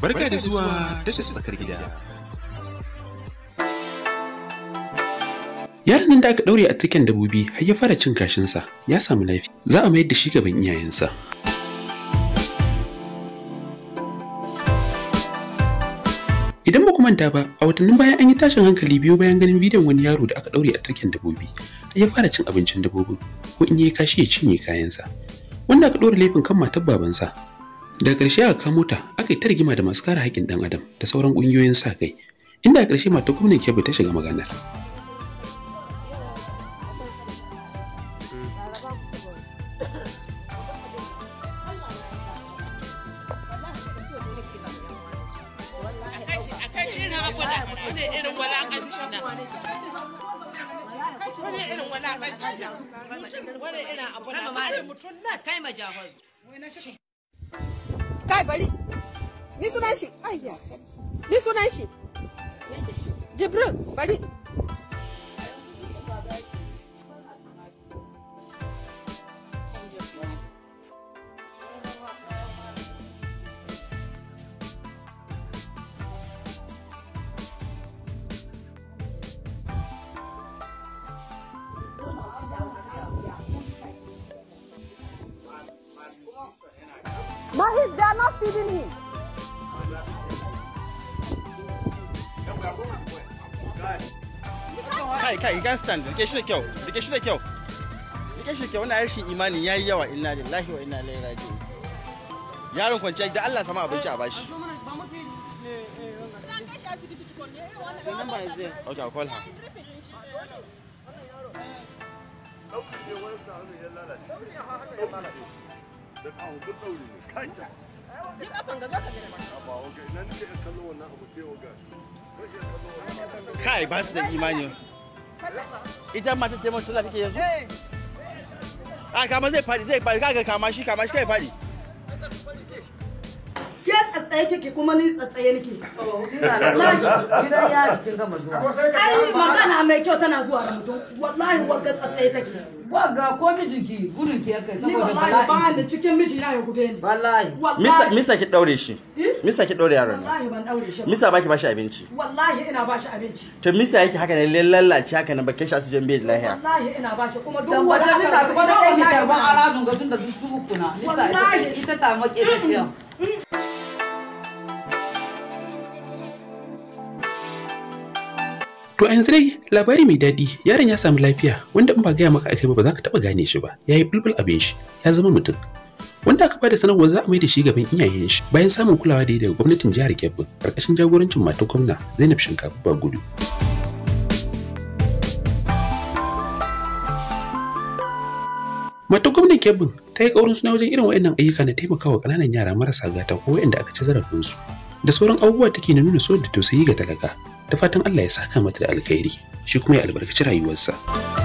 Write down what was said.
Barka da zuwa tashar tsakar gida. Yaron nan da aka daure a turken dabobi har ya fara cin kashinsa ya samu lafiya. Za a mayar da shi gaban iyayensa. Idan ba ku manta ba, a watannin bayan an yi tashin hankali biyu bayan ganin bidiyon wani yaro da aka daure a turken dabobi har ya fara cin abincin dabobin ko in yi kashi ya cinye kayansa. Wanda aka ɗora laifin kan matar babansa. Daga ƙarshe aka kamo ta aka yi ta rigima da masu kare haƙƙin ɗan adam da sauran ƙungiyoyin sa kai inda a ƙarshe mata gwamnan kebbi ta shiga maganar kai bari Ni sunan shi. Ayya. Ni sunan shi. Jibril, bari. But he's, they are not feeding him. kai kai gan stand rike shi da kyau rike shi da kyau rike shi da kyau wannan rashin imani yayi yawa inna lillahi wa inna ilaihi raji'un yaron kwance da Allah sama abinci a bashi eh, Okay, I'll call her. Kai ba su da imani. ita ma ta taimaka sallah take yanzu eh. a ah, kama zai fadi zai faɗi kaga kama shi kama shi kai fadi a tsaye kike kuma ni tsatsaye nake ai magana mai kyau tana zuwa da mutum wallahi wagga tsatsaye take wagga ko mijinki gudun ki yake saboda bala'i ni wallahi ba ni cikin miji na ya gude ni wallahi misa misa ki daure shi eh? misa ki daure yaron wallahi ban daure shi misa baki bashi abinci wallahi ina bashi abinci to misa yake haka ne lallace haka ne bakin shi asibin bai lahiya wallahi ina bashi kuma duk wanda aka ga tunda duk su uku ita ta make ta ciya To a yanzu dai labari mai daɗi yaron ya samu lafiya wanda in ba gaya maka akai ba za ka taɓa gane shi ba ya yi bulbul abin shi ya zama mutum. Wanda aka bada sanarwar za a mai da shi gaban iyayen shi bayan samun kulawa da daga gwamnatin jihar Kebbi karkashin jagorancin matan gwamna Zainab Shinkafa Bagudu. Matan gwamnan Kebbi ta yi ƙaurin suna wajen irin waɗannan ayyuka na taimakawa ƙananan yara marasa gata ko waɗanda aka ci zarafinsu da sauran abubuwa take na nuna so da tausayi ga talaka da fatan Allah ya saka mata da alkhairi shi kuma ya albarkaci rayuwarsa.